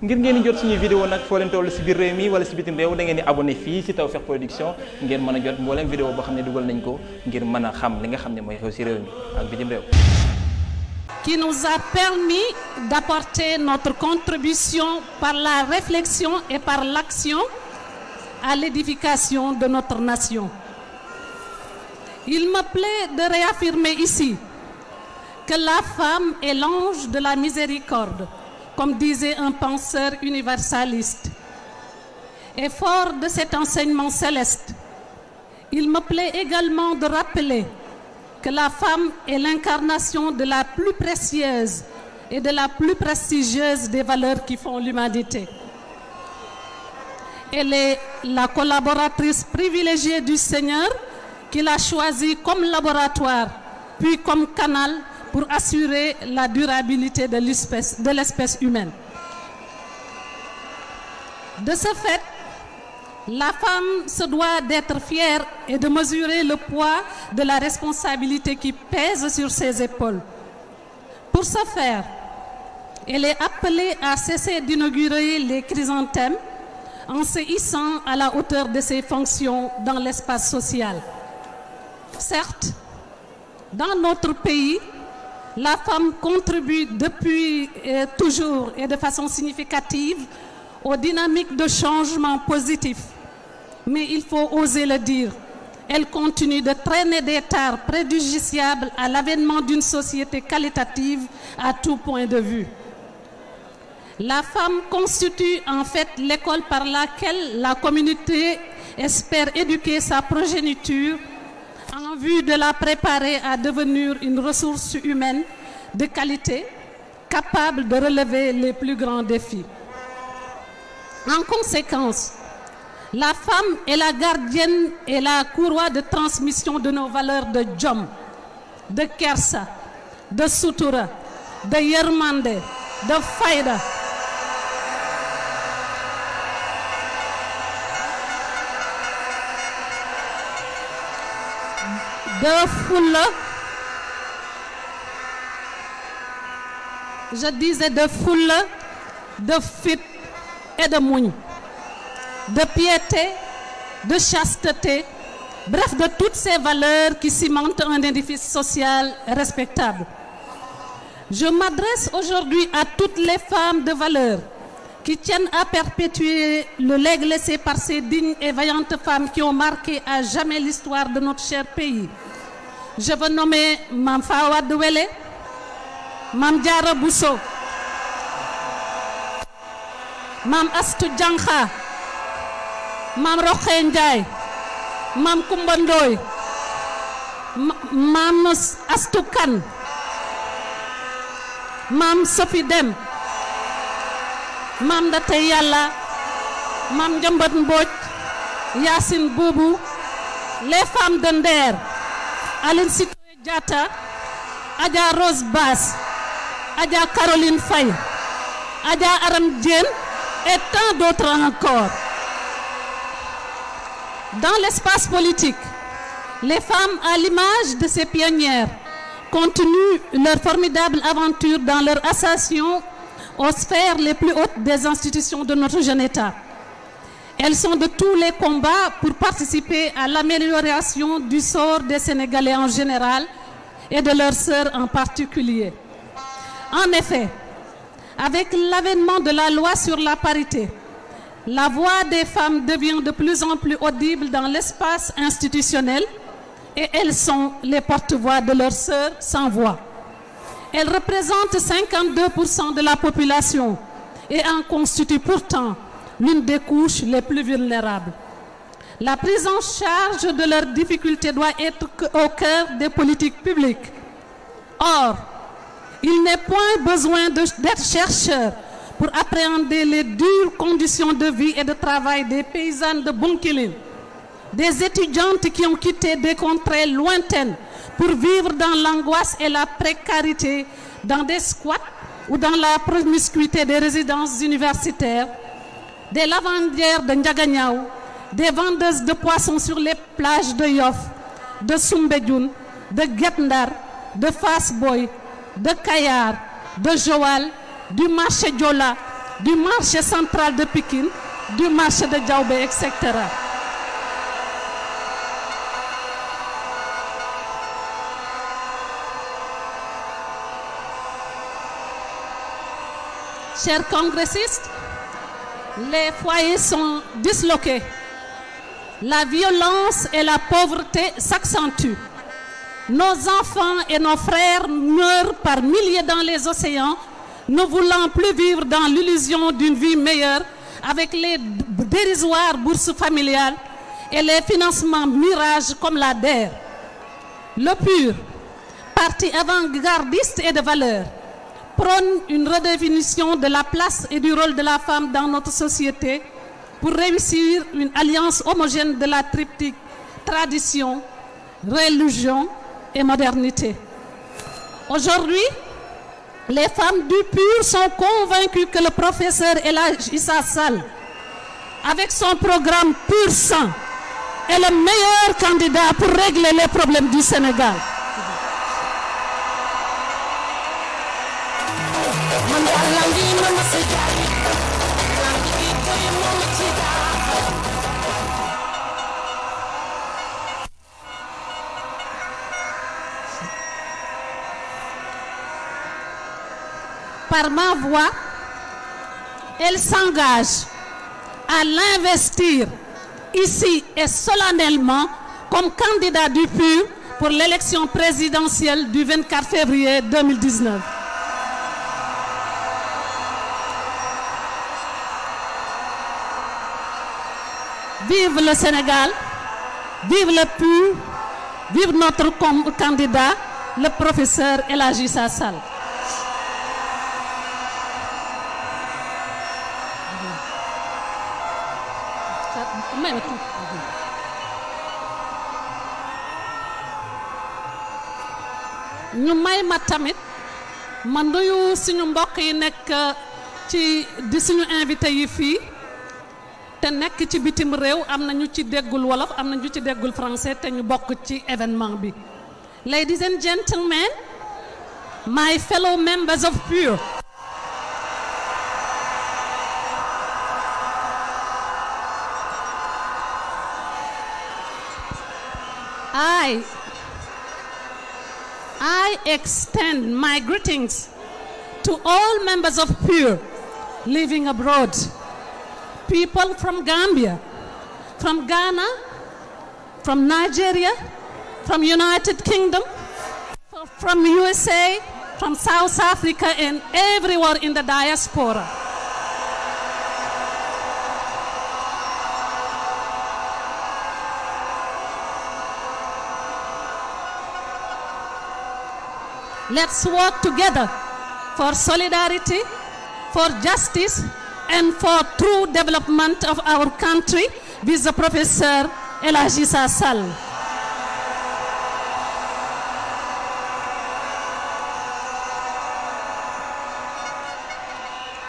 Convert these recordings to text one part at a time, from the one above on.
ngir ngeen di jot suñuy vidéo nag foo leen toll si biir réew mi wala si bitim réew da ngeen di abonné fii si Tawfekh Production ngeen mën a jot mbooleem vidéo boo xam ne dugal nañ ko ngir mën a xam li nga xam ne mooy xew si réew mi ak bitim réew qui nous a permis d'apporter notre contribution par la réflexion et par l'action à l'édification de notre nation. Il me plaît de réaffirmer ici que la femme est l'ange de la miséricorde comme disait un penseur universaliste. Et fort de cet enseignement céleste, il me plaît également de rappeler que la femme est l'incarnation de la plus précieuse et de la plus prestigieuse des valeurs qui font l'humanité. Elle est la collaboratrice privilégiée du Seigneur qu'il a choisie comme laboratoire, puis comme canal pour assurer la durabilité de l'espèce, de l'espèce humaine. De ce fait, la femme se doit d'être fière et de mesurer le poids de la responsabilité qui pèse sur ses épaules. Pour ce faire, elle est appelée à cesser d'inaugurer les chrysanthèmes en se hissant à la hauteur de ses fonctions dans l'espace social. Certes, dans notre pays, La femme contribue depuis toujours et de façon significative aux dynamiques de changement positif. Mais il faut oser le dire. Elle continue de traîner des tares préjudiciables à l'avènement d'une société qualitative à tout point de vue. La femme constitue en fait l'école par laquelle la communauté espère éduquer sa progéniture en vue de la préparer à devenir une ressource humaine de qualité capable de relever les plus grands défis. En conséquence, la femme est la gardienne et la courroie de transmission de nos valeurs de Jom, de Kersa, de Sutura, de Yermande, de Faïda, de fulla je disais de fulla de fit et de muñ de piété de chasteté bref de toutes ces valeurs qui cimentent un édifice social respectable je m'adresse aujourd'hui à toutes les femmes de valeur qui tiennent à perpétuer le legs laissé par ces dignes et vaillantes femmes qui ont marqué à jamais l'histoire de notre cher pays. Je veux nommer Mam Fawa Douele, Mam Diara Bousso, Mam Astou Djankha, Mam Rokhe Ndiaye, Mam Kumbandoy, Mam Astou Sophie Dem, maam nda tey yàlla maam njëmbat mbooj yaasin buubu les femmes de Nder Aline Sitoé Diatta Adja Rose Bass Adja Caroline Faye Adja Aram Diène et tant d'autres encore. Dans l'espace politique, les femmes, à l'image de ces pionnières, continuent leur formidable aventure dans leur ascension aux sphères les plus hautes des institutions de notre jeune État. Elles sont de tous les combats pour participer à l'amélioration du sort des Sénégalais en général et de leurs sœurs en particulier. En effet, avec l'avènement de la loi sur la parité, la voix des femmes devient de plus en plus audible dans l'espace institutionnel et elles sont les porte-voix de leurs sœurs sans voix. Elle représente 52% de la population et en constitue pourtant l'une des couches les plus La prise en de leurs difficultés doit être au cœur des politiques publiques. Or, il n'est point besoin d'être chercheur de vie et de travail des paysannes de Bunkiling, des étudiantes qui ont quitté pour vivre dans l'angoisse et la précarité, dans des squats ou dans la promiscuité des résidences universitaires, des lavandières de Ndiaganiao, des vendeuses de poissons sur les plages de Yoff, de Soumbedjoun, de Getndar, de Fasboy, de Kayar, de Joal, du marché Diola, du marché central de Pékin, du marché de Djaoubé, etc. Chers congressistes, les foyers sont disloqués. La violence et la pauvreté s'accentuent. Nos enfants et nos frères meurent par milliers dans les océans, ne voulant plus vivre dans l'illusion d'une vie meilleure avec les dérisoires bourses familiales et les financements mirages comme la DER. Le PUR, parti avant-gardiste et de valeur, prône une redéfinition de la place et du rôle de la femme dans notre société pour réussir une alliance homogène de la triptyque tradition, religion et modernité. Aujourd'hui, les femmes du PUR sont convaincues que le professeur Elhadj Issa Sall, avec son programme Pur Sang, est le meilleur candidat pour régler les problèmes du Sénégal. par ma voix, elle s'engage à l'investir ici et solennellement comme candidat du PUR pour l'élection présidentielle du Vive le Sénégal, vive le PUR, vive notre candidat, le professeur Elhadji Sall. ñu may ma tamit ma nuyu suñu mbokk yi nekk ci di suñu invité yi fii te nekk ci bitim réew am nañu ci déggul wolof am na ñu ci déggul français te ñu bokk ci événement bi. Ladies and gentlemen, my fellow members of PUR. I I extend my greetings to all members of PUR abroad. people from Gambia, from Ghana, from Nigeria, from United USA, from South Africa and everywhere in the diaspora. Let's work together for solidarity, for justice, and for true development of our country with the Professor Elhaji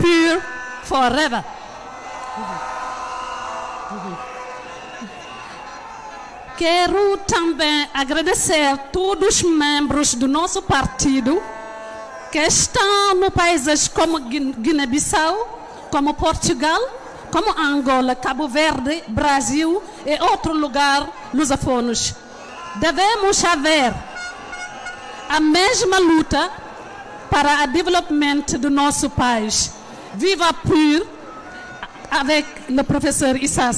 Pure forever. Quero também agradecer todos os membros do nosso partido que estão no países como Guiné-Bissau, como Portugal, como Angola, Cabo Verde, Brasil e outros lugares lusófonos. Devemos haver a mesma luta para o desenvolvimento do nosso país. Viva PUR, avec le professeur Issa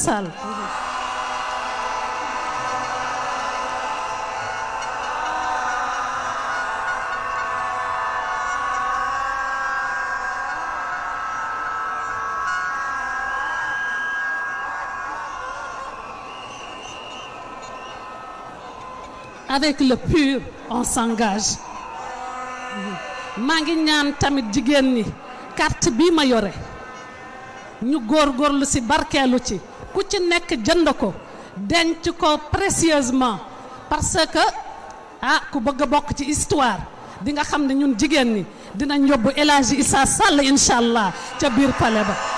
avec le pur on s'engage maa ngi ñaan tamit jigéen ñi kart bii ma yore ñu góor góorlu ci barkeelu ci ku ci nekk jënd ko denc ko précieusement parce que ah ku bëgg a bokk ci histoire di nga xam ne ñun jigéen ñi dinañ yóbbu El Hadji Issa Sall incha allah ca biir palais ba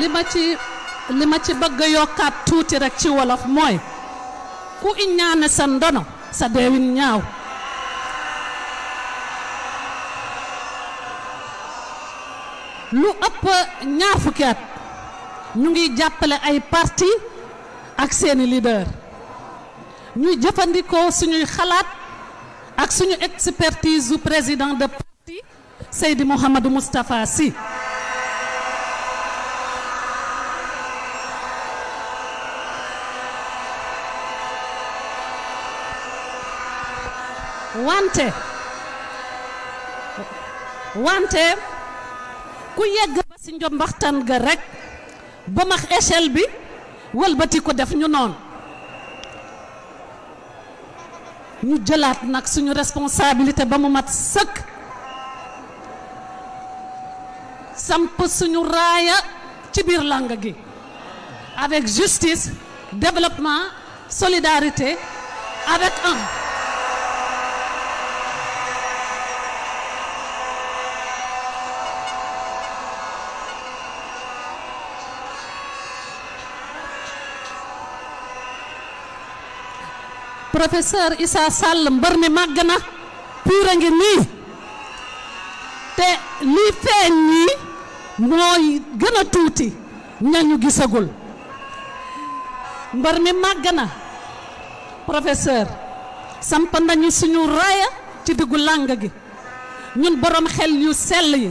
li ma ci li ma ci bëgg a yokkaat tuuti rek ci wolof mooy ku iññaane sa ndono sa deewin ñaaw lu ëpp ñaar fukki at ñu ngi jàppale ay parti ak seeni leader ñuy jëfandikoo suñuy xalaat ak suñu expertise su président de parti Seydi Mouhamadou Moustapha si wante wante ku yegg ba si njombaxtan ga rekk ba max échelle bi wëlbati ko def ñu noonu ñu jëlaat nag suñu responsabilité ba mu mat sëkk samp suñu raaya ci biir làng gi avec justice développement solidarité avec un professeur Issa Sall mbër mi màgg na puur a ngi nii te li feeñ nii mooy gën a tuuti ñañu gisagul mbër mi màgg na professeur samp nañu suñu raaya ci diggu làng gi ñun borom xel yu sell yi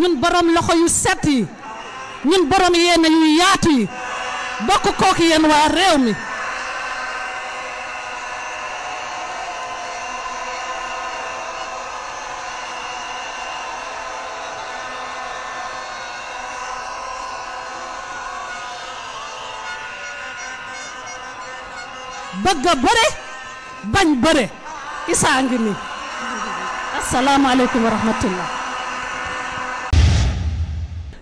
ñun borom loxo yu set yi ñun borom yéene yu yaatu yi bokk kook yéen waa réew mi bëgg a bëre bañ bëre isaa ngi nii asalaamaaleykum wa rahmatullah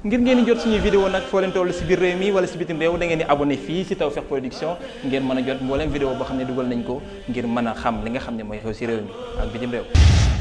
ngir ngeen jot suñuy vidéo nag foo leen toll si biir réew mi wala si bitim réew da ngeen di abonné fii si Tawfekh Production ngeen mën a jot mbooleem vidéo boo xam ne dugal nañ ko ngir mën a xam li nga xam ne mooy xew si réew mi ak bitim réew